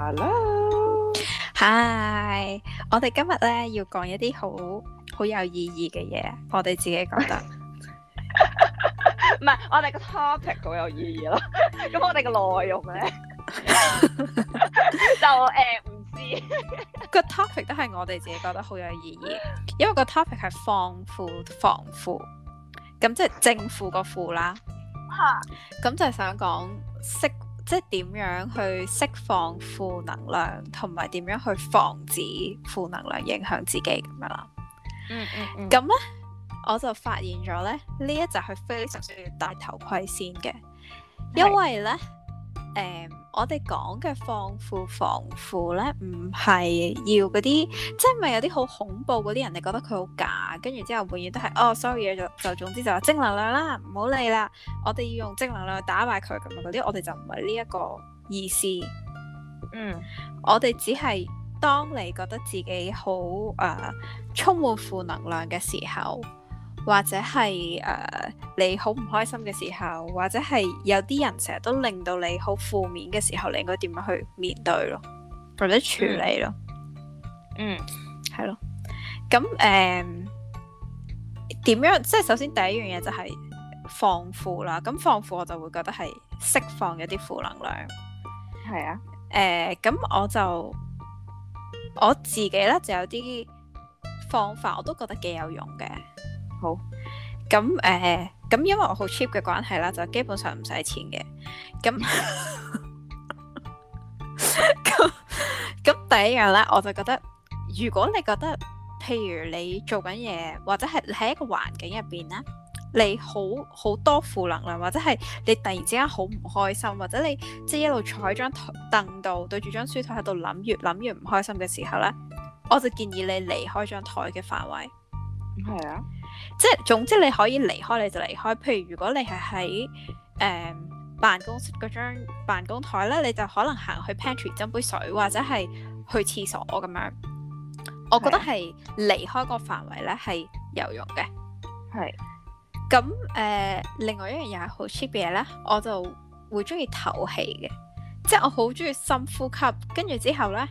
Hello，Hi，我哋今日咧要講一啲好好有意義嘅嘢，我哋自己覺得，唔係， 我哋個 topic 好有意義咯。咁我哋個內容咧 就誒唔知 個 topic 都係我哋自己覺得好有意義，因為個 topic 係放負防負，咁即係正負個負啦。吓，咁就係想講識。即係點樣去釋放負能量，同埋點樣去防止負能量影響自己咁樣啦。嗯。嗯嗯咁咧，我就發現咗咧，呢一集係非常需要戴頭盔先嘅，嗯。因為咧，誒的。Um, 我哋講嘅放負防負咧，唔係要嗰啲，即係咪有啲好恐怖嗰啲人？你覺得佢好假，跟住之後永遠都係哦，所有嘢就就總之就係正能量啦，唔好理啦。我哋要用正能量去打敗佢咁樣嗰啲，我哋就唔係呢一個意思。嗯，我哋只係當你覺得自己好誒、呃、充滿負能量嘅時候。或者係誒，uh, 你好唔開心嘅時候，或者係有啲人成日都令到你好負面嘅時候，你應該點樣去面對咯，或者處理咯？嗯，係、嗯、咯。咁、嗯、誒、點、um, 樣？即係首先第一樣嘢就係放負啦。咁放負，我就會覺得係釋放一啲負能量。係啊。誒、呃，咁我就我自己咧就有啲方法，我都覺得幾有用嘅。好咁，誒，咁、呃、因為我好 cheap 嘅關係啦，就基本上唔使錢嘅。咁咁咁第一樣咧，我就覺得，如果你覺得譬如你做緊嘢，或者係喺一個環境入邊咧，你好好多負能量，或者係你突然之間好唔開心，或者你即係、就是、一路坐喺張凳度，對住張書台喺度諗，越諗越唔開心嘅時候咧，我就建議你離開張台嘅範圍。係啊。嗯即係總之你可以離開，你就離開。譬如如果你係喺誒辦公室嗰張辦公台咧，你就可能行去 pantry 斟杯水，或者係去廁所咁樣。我覺得係離開個範圍咧係有用嘅。係咁誒，另外一樣嘢係好 cheap 嘅嘢咧，我就會中意唞氣嘅，即係我好中意深呼吸，跟住之後咧，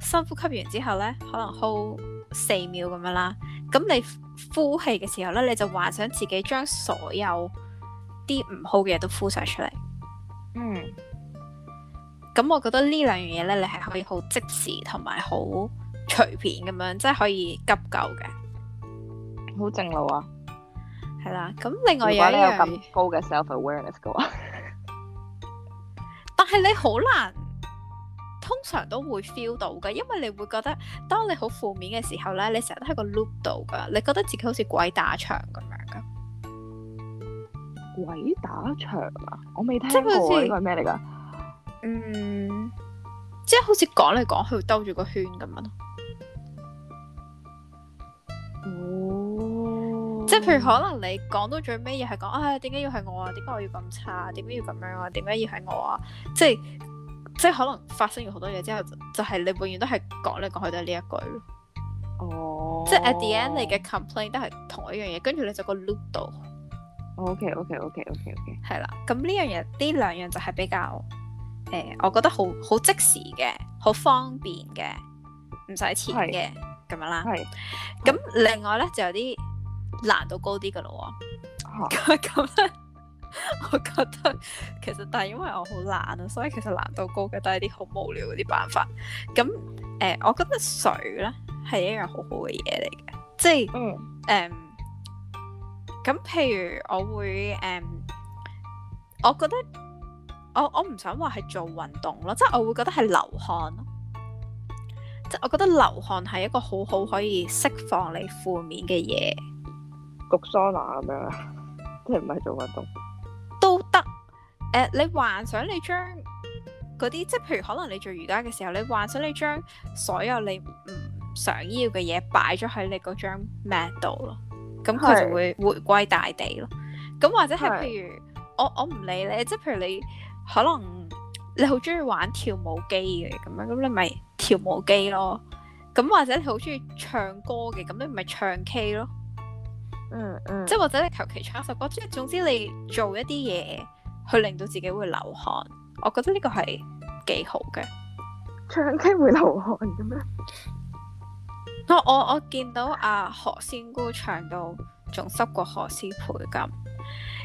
深呼吸完之後咧，可能 hold 四秒咁樣啦。咁你。.呼氣嘅時候咧，你就幻想自己將所有啲唔好嘅嘢都呼晒出嚟。嗯，咁我覺得呢兩樣嘢咧，你係可以好即時同埋好隨便咁樣，即係可以急救嘅。好正路啊！係啦，咁另外如果你有咁高嘅 self-awareness 嘅話， 但係你好難。通常都會 feel 到嘅，因為你會覺得當你好負面嘅時候咧，你成日都喺個 loop 度噶，你覺得自己好似鬼打牆咁樣噶。鬼打牆啊！我未聽過喎，呢個係咩嚟㗎？嗯，即係好似講嚟講去兜住個圈咁樣咯。哦，即係譬如可能你講到最尾又係講，啊、哎，點解要係我啊？點解我要咁差？點解要咁樣啊？點解要係我啊？即係。即係可能發生完好多嘢之後， 就係你永遠都係講嚟講去都係呢一句咯。哦，oh. 即係 at the end 你嘅 complaint 都係同一樣嘢，跟住你就個 loop 度。Oh, OK OK OK OK OK，係啦。咁呢樣嘢，呢兩樣就係比較誒、呃，我覺得好好即時嘅，好方便嘅，唔使錢嘅咁樣啦。係。咁 另外咧就有啲難度高啲嘅咯喎。嚇。咁。 我覺得其實，但係因為我好懶啊，所以其實難度高嘅都係啲好無聊嗰啲辦法。咁誒、呃，我覺得水咧係一樣好好嘅嘢嚟嘅，即係誒咁。嗯呃、譬如我會誒、呃，我覺得我我唔想話係做運動咯，即係我會覺得係流汗咯，即係我覺得流汗係一個好好可以釋放你負面嘅嘢，焗桑拿咁樣，即係唔係做運動。誒，uh, 你幻想你將嗰啲，即係譬如可能你做瑜伽嘅時候，你幻想你將所有你唔想要嘅嘢擺咗喺你嗰張 mat 度咯，咁佢是就會回歸大地咯。咁或者係譬如是我我唔理你，即係譬如你可能你好中意玩跳舞機嘅咁樣，咁你咪跳舞機咯。咁或者你好中意唱歌嘅，咁你咪唱 K 咯。嗯嗯。嗯，即係或者你求其唱一首歌，即係總之你做一啲嘢。去令到自己會流汗，我覺得呢個係幾好嘅。唱 K 會流汗嘅咩？哦？我我見到啊何仙姑唱到仲濕過何詩蓓咁，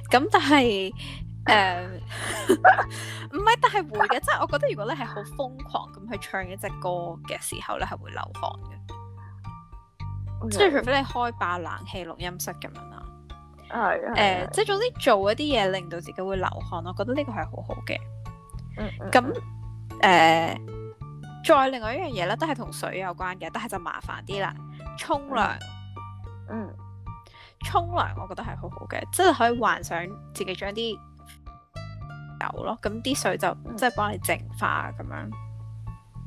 咁但係誒唔係，但係，呃、 會嘅，即係我覺得如果你係好瘋狂咁去唱一隻歌嘅時候咧，係會流汗嘅。即係除非你開爆冷氣錄音室咁樣。係誒，即係、uh, 總之做一啲嘢令到自己會流汗，我覺得呢個係好好嘅、嗯。嗯咁誒、呃，再另外一樣嘢咧，都係同水有關嘅，但係就麻煩啲啦。沖涼、嗯，嗯，沖涼我覺得係好好嘅，即、就、係、是、可以幻想自己將啲油咯，咁啲水就即係幫你淨化咁、嗯、樣。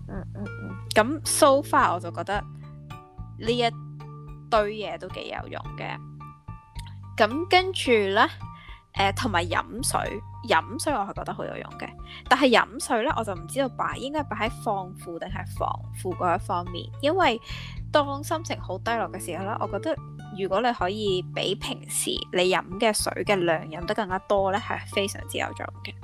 嗯嗯嗯。咁 so far 我就覺得呢一堆嘢都幾有用嘅。咁跟住呢，誒同埋飲水，飲水，飲水我係覺得好有用嘅。但係飲水呢，我就唔知道擺應該擺喺放負定係防負嗰一方面。因為當心情好低落嘅時候呢，我覺得如果你可以比平時你飲嘅水嘅量飲得更加多呢，係非常之有作用嘅。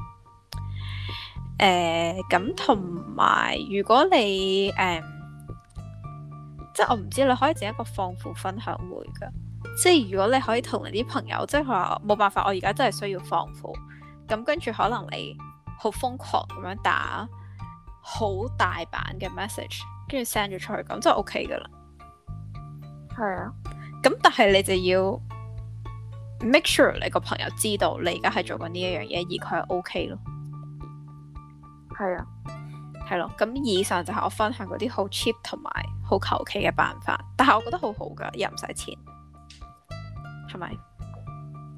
誒咁同埋，如果你誒、呃，即係我唔知你可以整一個放負分享會㗎。即係如果你可以同你啲朋友，即係話冇辦法，我而家真係需要防負。咁跟住可能你好瘋狂咁樣打好大版嘅 message，跟住 send 咗出去咁，就 OK 噶啦。係啊。咁但係你就要 make sure 你個朋友知道你而家係做緊呢一樣嘢，而佢係 OK 咯。係啊。係咯。咁以上就係我分享嗰啲好 cheap 同埋好求其嘅辦法，但係我覺得好好噶，又唔使錢。係咪？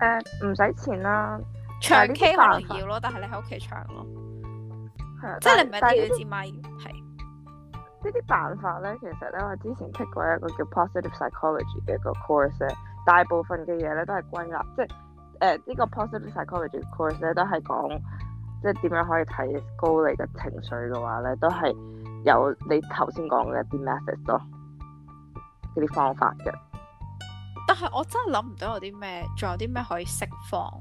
誒，唔使、呃、錢啦，唱 K 可能要咯，但係你喺屋企唱咯，係啊，即係你唔係調一支咪。係呢啲辦法咧，其實咧我之前 take 過一個叫 positive psychology 嘅一個 course 咧，大部分嘅嘢咧都係歸納，即係誒、呃這個、呢個 positive psychology course 咧都係講即係點樣可以睇高你嘅情緒嘅話咧，都係有你頭先講嘅一啲 methods 咯，呢啲方法嘅。但係我真係諗唔到有啲咩，仲有啲咩可以釋放？誒、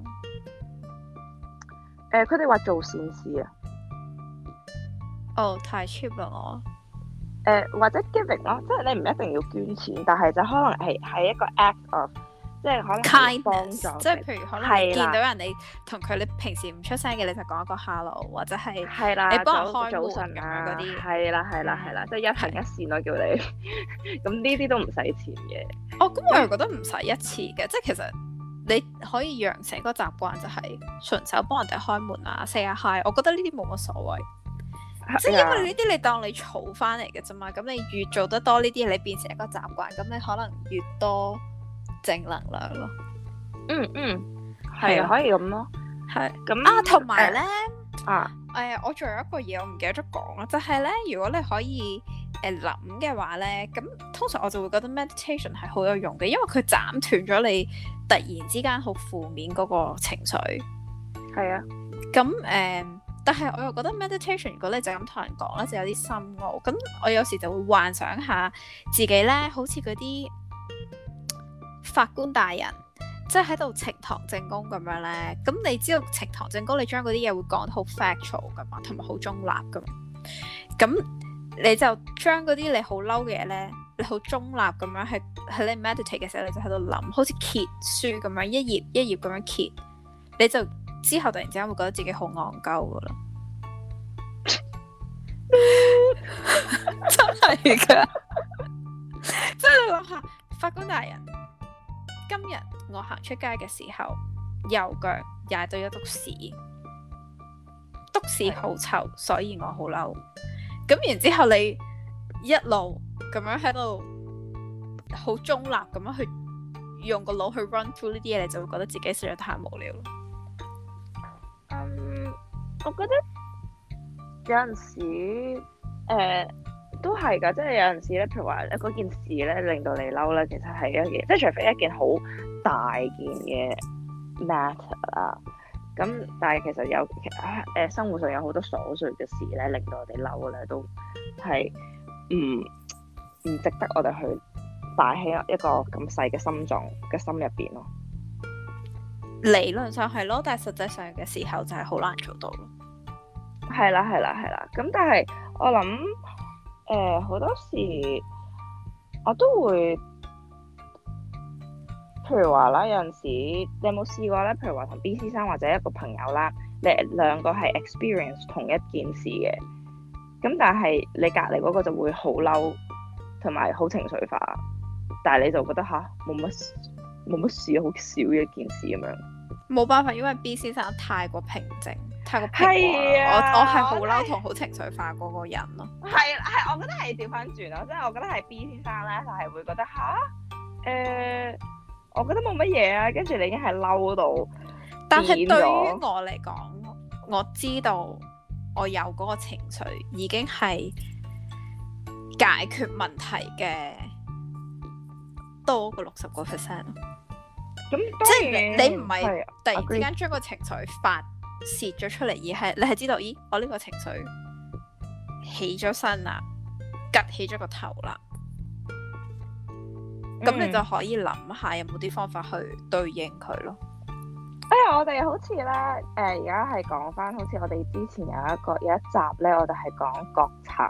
呃，佢哋話，做善事啊！哦，oh，太 cheap 啦我！誒、呃，或者 giving 咯，即係你唔一定要捐錢，但係就可能係喺一個 act of。即係可能幫助，即係譬如可能你見到人哋同佢，你，你平時唔出聲嘅，你就講一個 hello，或者係你幫人開門咁嗰啲。係啦、啊，係啦，係啦，即係一行一線咯，叫你。咁呢啲都唔使錢嘅。哦，咁我覺得唔使一次嘅，嗯、即係其實你可以養成一個習慣，就係順手幫人哋開門啊，say hi。我覺得呢啲冇乜所謂。即係因為呢啲你當你儲翻嚟嘅啫嘛，咁你越做得多呢啲，你變成一個習慣，咁你可能越多。正能量咯、嗯，嗯嗯，係、啊啊、可以咁咯，係咁啊，同埋咧啊，誒，我仲有一個嘢我唔記得咗講啦，就係、是、咧，如果你可以誒諗嘅話咧，咁通常我就會覺得 meditation 係好有用嘅，因為佢斬斷咗你突然之間好負面嗰個情緒，係啊，咁誒、呃，但係我又覺得 meditation，如果你就咁同人講咧，就有啲深奧，咁我有時就會幻想下自己咧，好似嗰啲。法官大人，即係喺度呈堂證供咁樣咧，咁你知道呈堂證供你將你將你，你將嗰啲嘢會講得好 factual 噶嘛，同埋好中立噶嘛，咁你,你就將嗰啲你好嬲嘅嘢咧，你好中立咁樣，喺喺你 meditate 嘅時候，你就喺度諗，好似揭書咁樣，一頁一頁咁樣揭，你就之後突然之間會覺得自己好戇鳩噶啦， 真係噶，即係你諗下，法官大人。今日我行出街嘅時候，右腳踩到一篤屎，篤屎好臭，所以我好嬲。咁、嗯、然之後你一路咁樣喺度好中立咁樣去用個腦去 run through 呢啲嘢，你就會覺得自己實在太無聊。嗯，um, 我覺得有陣時誒。Uh 都係㗎，即係有陣時咧，譬如話咧嗰件事咧，令到你嬲咧，其實係一件，即係除非一件好大件嘅 matter 啦。咁但係其實有其實、啊呃、生活上有好多瑣碎嘅事咧，令到我哋嬲咧，都係唔唔值得我哋去擺喺一個咁細嘅心臟嘅心入邊咯。理論上係咯，但係實際上嘅時候就係好難做到。係啦，係啦，係啦。咁但係我諗。誒好、呃、多時我都會，譬如話啦，有陣時你有冇試過咧？譬如話同 B 先生或者一個朋友啦，你兩個係 experience 同一件事嘅，咁但係你隔離嗰個就會好嬲，同埋好情緒化，但係你就覺得，吓，冇乜冇乜事，好少嘅一件事咁樣。冇辦法，因為 B 先生太過平靜。係個屁！我我係好嬲，同好情緒化嗰個人咯。係係，我覺得係調翻轉咯，即係我覺得係 B 先生咧就係會覺得吓，誒，我覺得冇乜嘢啊，跟住，呃、你已經係嬲到，但係對於我嚟講，我知道我有嗰個情緒已經係解決問題嘅多過六十個 percent 咯。咁然即係你唔係突然之間將個情緒發。泄咗出嚟，而係你係知道，咦？我呢個情緒起咗身啦，趷起咗個頭啦，咁、mm hmm. 你就可以諗下有冇啲方法去對應佢咯。哎呀，我哋好似咧，誒、呃，而家係講翻好似我哋之前有一個有一集咧，我哋係講覺察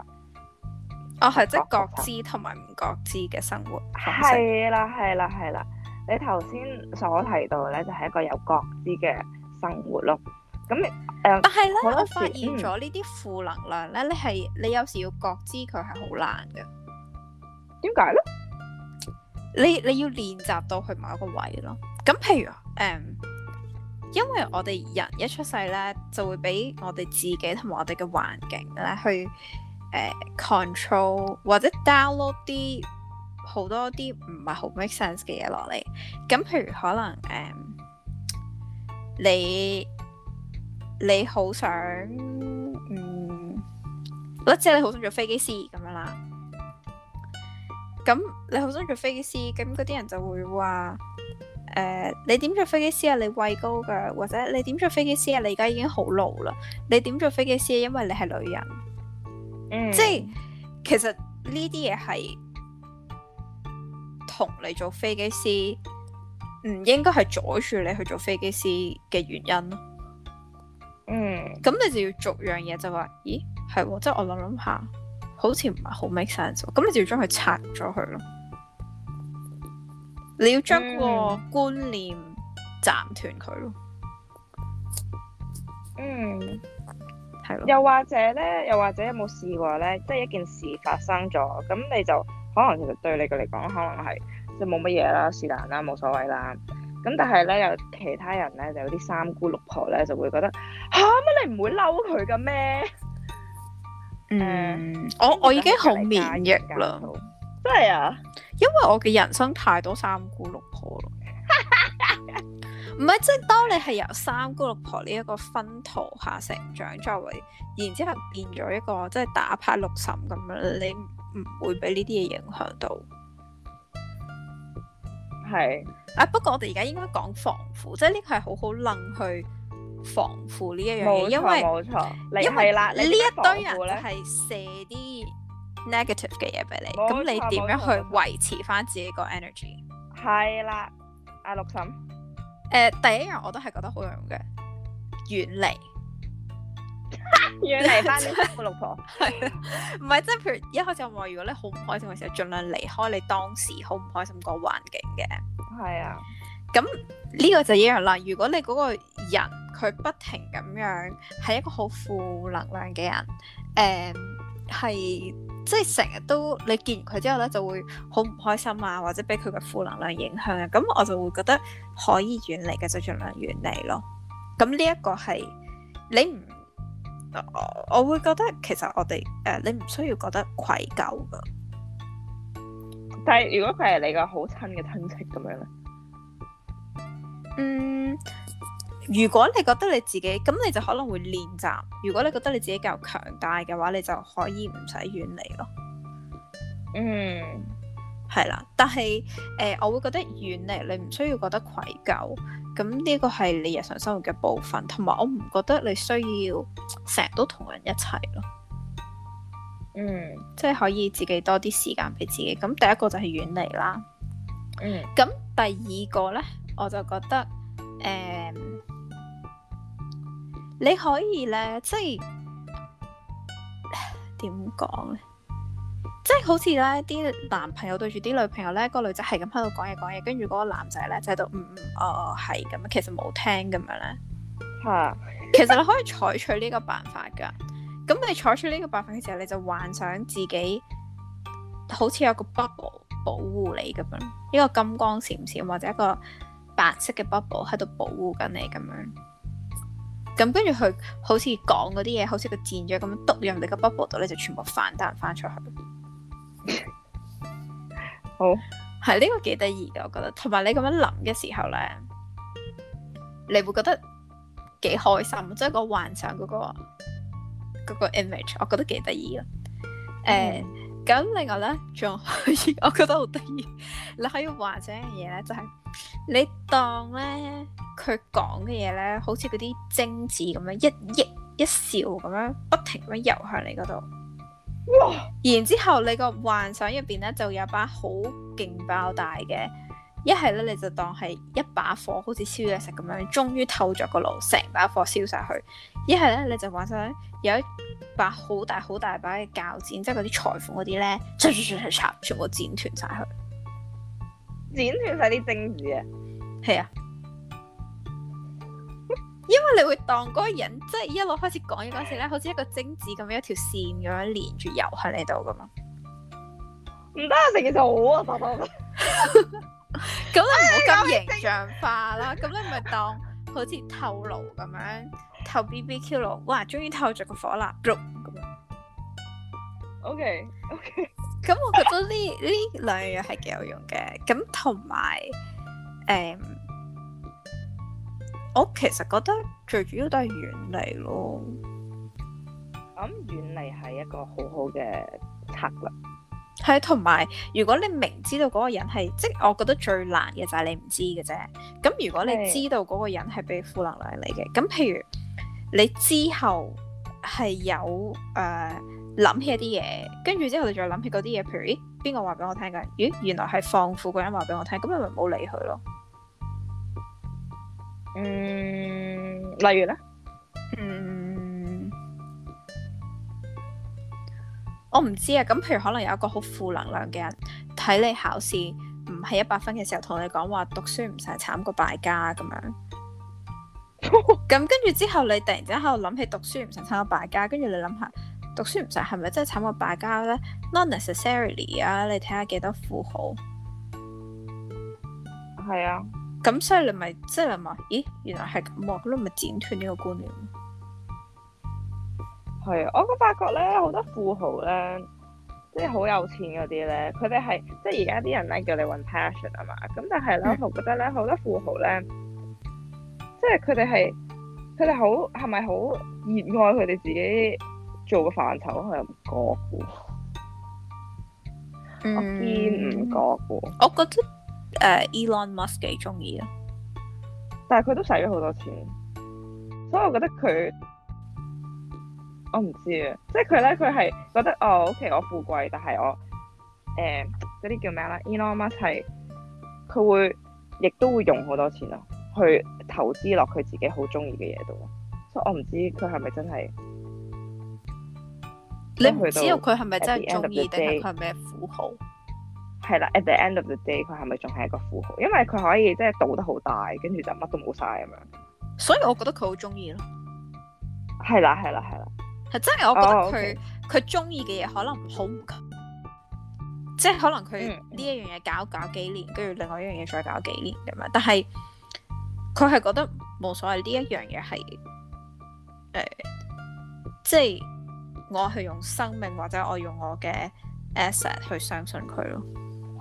哦，係察即係覺知同埋唔覺知嘅生活。係啦，係啦，係啦。你頭先所提到咧，就係一個有覺知嘅生活咯。咁誒，嗯、但係咧，我發現咗呢啲負能量咧，嗯、你係你有時要覺知佢係好難嘅。點解咧？你你要練習到去某一個位咯。咁譬如誒、嗯，因為我哋人一出世咧，就會俾我哋自己同埋我哋嘅環境咧去誒、呃、control 或者 download 啲好多啲唔係好 make sense 嘅嘢落嚟。咁譬如可能誒、嗯、你。你好想，嗯，或者你好想做飛機師咁樣啦。咁你好想做飛機師，咁嗰啲人就會話：誒、呃，你點做飛機師啊？你畏高噶，或者你點做飛機師啊？你而家已經好老啦。你點做飛機師、啊？因為你係女人。嗯、即係其實呢啲嘢係同你做飛機師唔應該係阻住你去做飛機師嘅原因嗯，咁你就要逐樣嘢就話，咦係，即係我諗諗下，好似唔係好 make sense，咁你就要將佢拆咗佢咯，你要將個觀念斬斷佢咯，嗯，嗯，係咯，又或者咧，又或者有冇試過咧，即係一件事發生咗，咁你就可能其實對你嘅嚟講，可能係即係冇乜嘢啦，是但啦，冇所謂啦。咁但係咧，有其他人咧就有啲三姑六婆咧，就會覺得嚇乜、啊、你唔會嬲佢嘅咩？嗯，嗯，我我已經好免疫啦，真係啊！因為我嘅人生太多三姑六婆啦。唔係， 即係當你係由三姑六婆呢一個氛圍下成長，作為然之後變咗一個即係打牌六嬸咁樣，你唔會俾呢啲嘢影響到。係，是啊不過我哋而家應該講防負，即係呢個係好好撚去防負呢一樣嘢，錯因為你因為啦，你為呢一堆人係射啲 negative 嘅嘢俾你，咁錯你點樣去維持翻自己個 energy？係啦，阿六嬸，誒、啊、第一樣我都係覺得好有用嘅，遠離。遠離翻啲三姑六婆老婆係啊， 唔係即係，譬如一開始我話，如果你好唔開心嘅時候，盡量離開你當時好唔開心個環境嘅係啊。咁呢個就一樣啦。如果你嗰個人佢不停咁樣係一個好負能量嘅人，誒，係即係成日都你見完佢之後咧，就會好唔開心啊，或者俾佢嘅負能量影響啊。咁我就會覺得可以遠離嘅就盡量遠離咯。咁呢一個係你唔。我我會覺得其實我哋誒、呃，你唔需要覺得愧疚㗎。但係如果佢係你個好親嘅親戚咁樣咧，嗯，如果你覺得你自己咁，你就可能會練習。如果你覺得你自己夠強大嘅話，你就可以唔使遠離咯。嗯。係啦，但係誒、呃，我會覺得遠離，你唔需要覺得愧疚，咁呢個係你日常生活嘅部分，同埋我唔覺得你需要成日都同人一齊咯。嗯，即係可以自己多啲時間俾自己。咁第一個就係遠離啦。嗯。咁第二個咧，我就覺得誒、嗯，你可以咧，即係點講咧？即係好似咧，啲男朋友對住啲女朋友咧，個女仔係咁喺度講嘢講嘢，跟住嗰個男仔咧就喺度唔唔，哦係咁，其實冇聽咁樣咧。係， 其實你可以採取呢個辦法㗎。咁你採取呢個辦法嘅時候，你就幻想自己好似有個 bubble 保護你咁樣，一個金光閃閃或者一個白色嘅 bubble 喺度保護緊你咁樣。咁跟住佢好似講嗰啲嘢，好似個箭著咁篤人哋個 bubble 度，你就全部反彈翻出去。 好，係呢、這個幾得意㗎，我覺得，同埋你咁樣諗嘅時候咧，你會覺得幾開心，即、就、係、是、個幻想嗰、那個嗰、那個 image，我覺得幾得意咯。誒，咁另外咧仲可以，我覺得好得意，你可以幻想、就是、一樣嘢咧，就係你當咧佢講嘅嘢咧，好似嗰啲精子咁樣一溢一笑咁樣，不停咁樣游向你嗰度。哇然之後你個幻想入邊咧就有把好勁爆大嘅，一係咧你就當係一把火，好似燒嘢食咁樣，終於透着個爐，成把火燒晒佢。一係咧你就幻想有一把好大好大把嘅鉸剪，即係嗰啲裁縫嗰啲咧，插全部剪斷晒去，剪斷晒啲蒸魚啊，係啊。因為你會當嗰個人，即係一路開始講嘢嗰時咧，好似一個精子咁樣，一條線咁樣連住油喺你度噶嘛？唔得啊！成件事好啊，咁 你唔好咁形象化啦，咁、哎、 你咪當好似透爐咁樣，透 B B Q 爐，哇！終於透着個火啦，咁樣。O K O K，咁我覺得呢呢兩樣嘢係幾有用嘅，咁同埋誒。嗯我其實覺得最主要都係遠離咯，咁遠離係一個好好嘅策略。係，同埋如果你明知道嗰個人係，即係我覺得最難嘅就係你唔知嘅啫。咁如果你知道嗰個人係俾負能量你嘅，咁是譬如你之後係有誒諗、呃、起一啲嘢，跟住之後你再諗起嗰啲嘢，譬如咦邊個話俾我聽㗎？咦原來係放負嗰人話俾我聽，咁你咪唔好理佢咯。嗯，例如咧？嗯， 我唔知啊。咁譬如可能有一個好負能量嘅人，睇你考試唔係一百分嘅時候，同你講話讀書唔成慘過敗家咁樣。咁跟住之後，你突然之間喺度諗起讀書唔成慘過敗家，跟住 你諗下，讀書唔成係咪真係慘過敗家咧？Not necessarily 啊，你睇下幾多富豪？係啊。咁所以你咪即係話，咦，原來係咁啊？咁你咪剪斷呢個觀念。係啊，我咁發覺咧，好多富豪咧，即係好有錢嗰啲咧，佢哋係即係而家啲人咧叫你搵 passion 啊嘛。咁但係咧，我覺得咧，好多富豪咧，即係佢哋係，佢哋好係咪好熱愛佢哋自己做嘅範疇？我又唔覺。我見唔覺。我覺得。誒、uh，Elon Musk 幾中意啊？但係佢都使咗好多錢，所以我覺得佢，我唔知啊。即係佢咧，佢係覺得哦，OK，我富貴，但係我誒嗰啲叫咩咧？Elon Musk 係佢會亦都會用好多錢咯，去投資落佢自己好中意嘅嘢度。所以我唔知佢係咪真係，你唔知道佢係咪真係中意，定係佢係咩富豪？係啦，At the end of the day，佢係咪仲係一個富豪？因為佢可以即係賭得好大，跟住就乜都冇晒咁樣。所以我覺得佢好中意咯。係啦，係啦，係啦，係真係。我覺得佢佢中意嘅嘢，可能好，唔即係可能佢呢一樣嘢搞搞幾年，跟住另外一樣嘢再搞幾年咁樣。但係佢係覺得冇所謂，呢一樣嘢係誒，即係我係用生命或者我用我嘅 asset 去相信佢咯。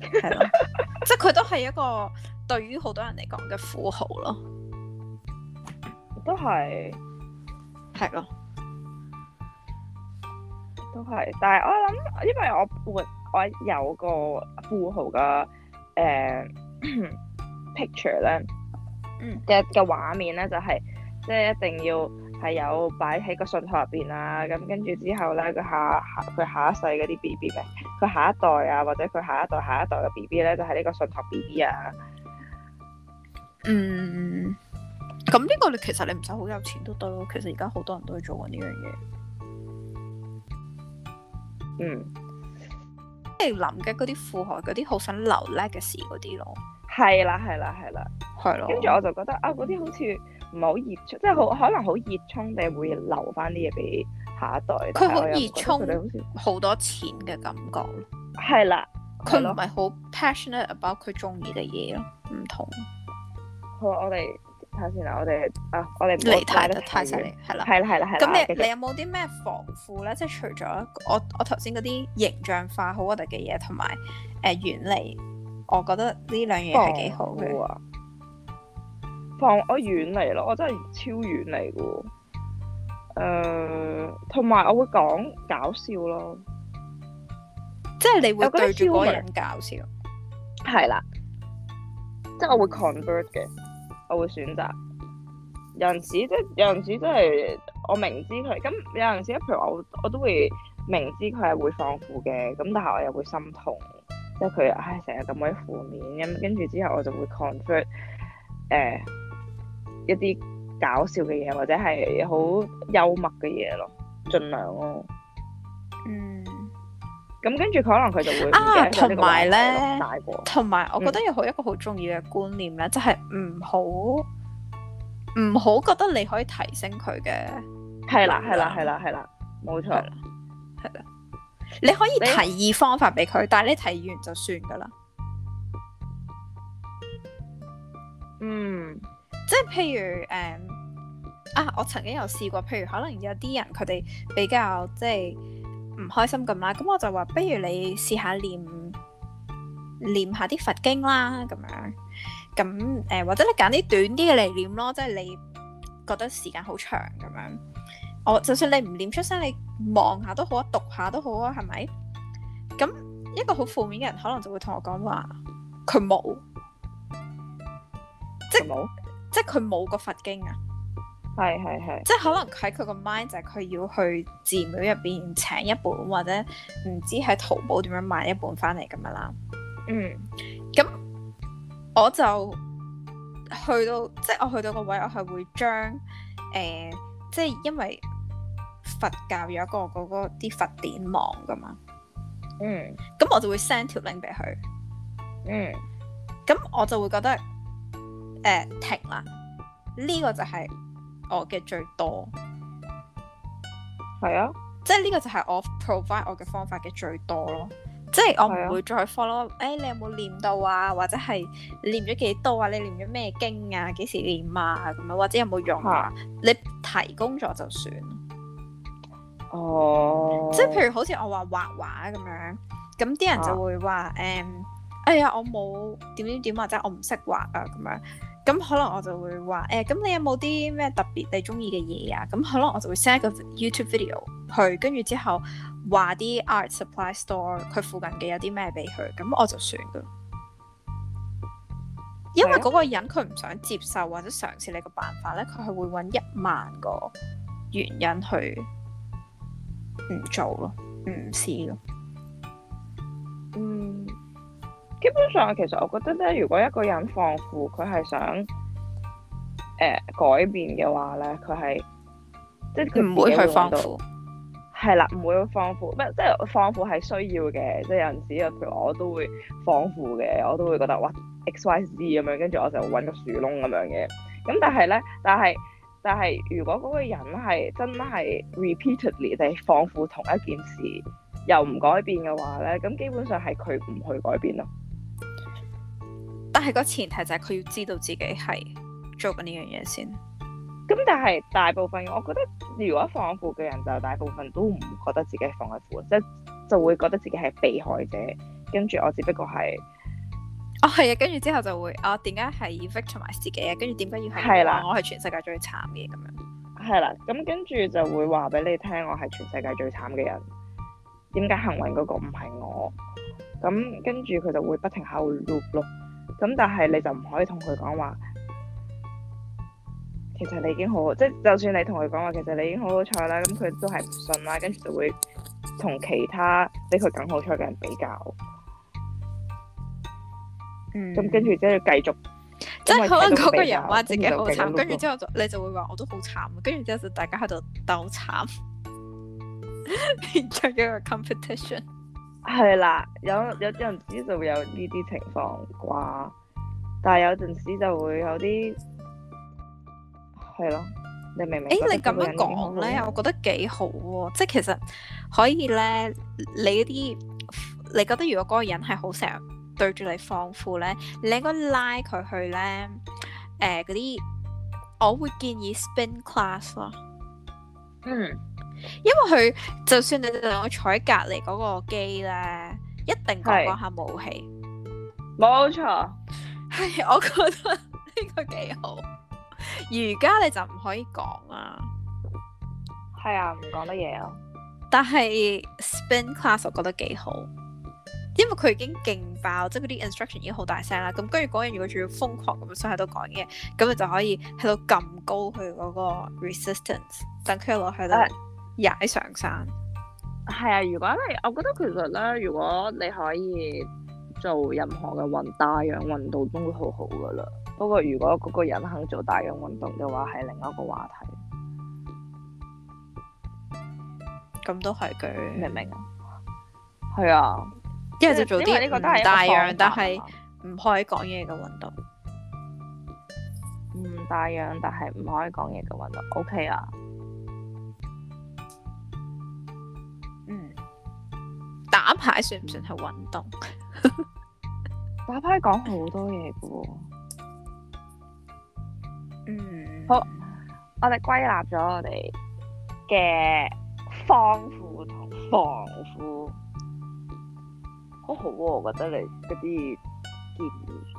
係咯，即係佢都係一個對於好多人嚟講嘅富豪咯，都係是，係咯，都係。但係我諗，因為我會我有個富豪嘅誒、呃、 picture 咧嘅嘅畫面咧，就係即係一定要。係有擺喺個信託入邊啦，咁跟住之後咧，佢下下佢下一世嗰啲 B B 咧，佢下一代啊，或者佢下一代下一代嘅 B B 咧，就喺呢個信託 B B 啊。嗯，咁呢個你其實你唔使好有錢都得咯。其實而家好多人都去做呢樣嘢。嗯，即你諗嘅嗰啲富豪嗰啲好想留 legacy 嗰啲咯。係啦係啦係啦，係咯。跟住我就覺得啊，嗰啲好似。嗯唔係好熱衷，即係好可能好熱衷，定係會留翻啲嘢俾下一代。佢好熱衷好多錢嘅感覺咯。係啦，佢唔係好 passionate about 佢中意嘅嘢咯。唔同。好，我哋睇先啦。我哋啊，我哋冇睇得太犀利。係啦，係啦，係啦，係啦。咁你續你有冇啲咩防負咧？即係除咗我我頭先嗰啲形象化好核突嘅嘢，同埋誒遠離，呃、我覺得呢兩樣係幾好嘅。哦好放我遠離咯，我真係超遠離嘅喎。呃、同埋我會講搞笑咯，即係你會對住嗰人搞笑，係啦，即係我會 convert 嘅，我會選擇。有陣時即係有陣時，即係我明知佢咁，有陣時譬如我我都會明知佢係會放負嘅咁，但係我又會心痛，即係佢唉成日咁鬼負面咁，跟住之後我就會 convert 誒、呃。一啲搞笑嘅嘢或者係好幽默嘅嘢咯，盡量咯。嗯。咁跟住佢可能佢就會啊，同埋咧，大過。同埋我覺得有好一個好重要嘅觀念咧，嗯、就係唔好唔好覺得你可以提升佢嘅。係啦，係啦，係啦，係啦，冇錯，係啦,啦。你可以提議方法俾佢，你但係你提議完就算㗎啦。嗯。即係譬如誒、嗯、啊！我曾經有試過，譬如可能有啲人佢哋比較即係唔開心咁啦，咁我就話：不如你試，試念念下念念下啲佛經啦，咁樣咁誒、呃，或者你揀啲短啲嘅嚟念咯，即係你覺得時間好長咁樣。我就算你唔念出聲，你望下都好啊，讀下都好啊，係咪？咁一個好負面嘅人可能就會同我講話，佢冇，即係冇。即係佢冇個佛經啊，係係係， 即係可能喺佢個 mind 就係佢要去寺廟入邊請一本，或者唔知喺淘寶點樣買一本翻嚟咁樣啦。嗯，咁我就去到，即係我去到個位我，我係會將誒、即係因為佛教有一個嗰個啲佛典網噶嘛。嗯，咁我就會 send 條 link 俾佢。嗯，咁我就會覺得。誒、呃、停啦！呢、這個就係我嘅最多，係啊，即係呢個就係我 provide 我嘅方法嘅最多咯。即係我唔會再 follow、啊。誒、哎，你有冇念到啊？或者係念咗幾多啊？你念咗咩經啊？幾時念啊？咁啊？或者有冇用啊？啊你提供咗就算。哦，即係譬如好似我話畫畫咁樣，咁啲人就會話誒、啊嗯，哎呀，我冇點點點，或者我唔識畫啊咁樣。咁可能我就會話誒，咁、欸、你有冇啲咩特別你中意嘅嘢啊？咁可能我就會 send 一個 YouTube video 去，跟住之後話啲 Art Supply Store 佢附近嘅有啲咩俾佢，咁我就算噶。因為嗰個人佢唔想接受或者嘗試你個辦法咧，佢係會搵一萬個原因去唔做咯，唔試咯。基本上，其實我覺得咧，如果一個人放負，佢係想誒、呃、改變嘅話咧，佢係即係唔會去放負。係啦，唔會放負，唔即係放負係需要嘅。即係有陣時，譬如我都會放負嘅，我都會覺得哇 x y z 咁樣，跟住我就會揾個樹窿咁樣嘅。咁但係咧，但係但係，但如果嗰個人係真係 repeatedly 地放負同一件事又唔改變嘅話咧，咁基本上係佢唔去改變咯。但係個前提就係佢要知道自己係做緊呢樣嘢先。咁、嗯、但係大部分，我覺得如果放負嘅人就大部分都唔覺得自己放緊負，即、就、係、是、就會覺得自己係被害者。跟住我只不過係，哦係啊，跟住之後就會，哦點解係要 victimize 埋自己啊？跟住點解要係我係全世界最慘嘅咁樣？係啦，咁跟住就會話俾你聽，我係全世界最慘嘅人。點解幸運嗰個唔係我？咁跟住佢就會不停喺度 loop 咯。Loop loop loop 咁但係你就唔可以同佢講話，其實你已經好好，即係就算你同佢講話，其實你已經好好彩啦，咁佢都係唔信啦，跟住就會同其他比佢更好彩嘅人比較。嗯。咁跟住之後繼續，繼續即係可能嗰個人話自己好慘，跟住之後就你就會話我都好慘，跟住之後就大家喺度鬥慘，一個 competition。係啦，有有啲人知道就會有呢啲情況啩，但係有陣時就會有啲係咯，你明唔明？誒、欸，你咁樣講咧，我覺得幾好喎，啊！即係其實可以咧，你啲你覺得如果嗰個人係好成日對住你放庫放負咧，你應該拉佢去咧，誒嗰啲，我會建議 spin class 咯。嗯。因為佢就算你哋兩個坐喺隔籬嗰個機咧，一定講講下武器，冇錯係。我覺得呢個幾好。瑜伽你就唔可以講啊，係啊，唔講得嘢咯。但係 spin class，我覺得幾好，因為佢已經勁爆，即係嗰 啲 instruction 已經好大聲啦。咁跟住嗰人如果仲要瘋狂咁樣喺度講嘢，咁你就可以喺度撳高佢嗰個 resistance，等佢落去咯。 踩上山，係啊！如果你，我覺得其實咧，如果你可以做任何嘅運帶氧運動，都會好好噶啦。不過如果嗰個人肯做帶氧運動嘅話，係另外一個話題。咁都係佢明唔明啊？係啊，一係就做啲唔帶氧，但係唔可以講嘢嘅運動。唔帶氧，但係唔可以講嘢嘅運動，動，OK 啊。打牌算唔算係運動？ 打牌講好多嘢嘅喎，嗯，好，我哋歸納咗我哋嘅放負同防負，嗯、好好喎，我覺得你嗰啲建議。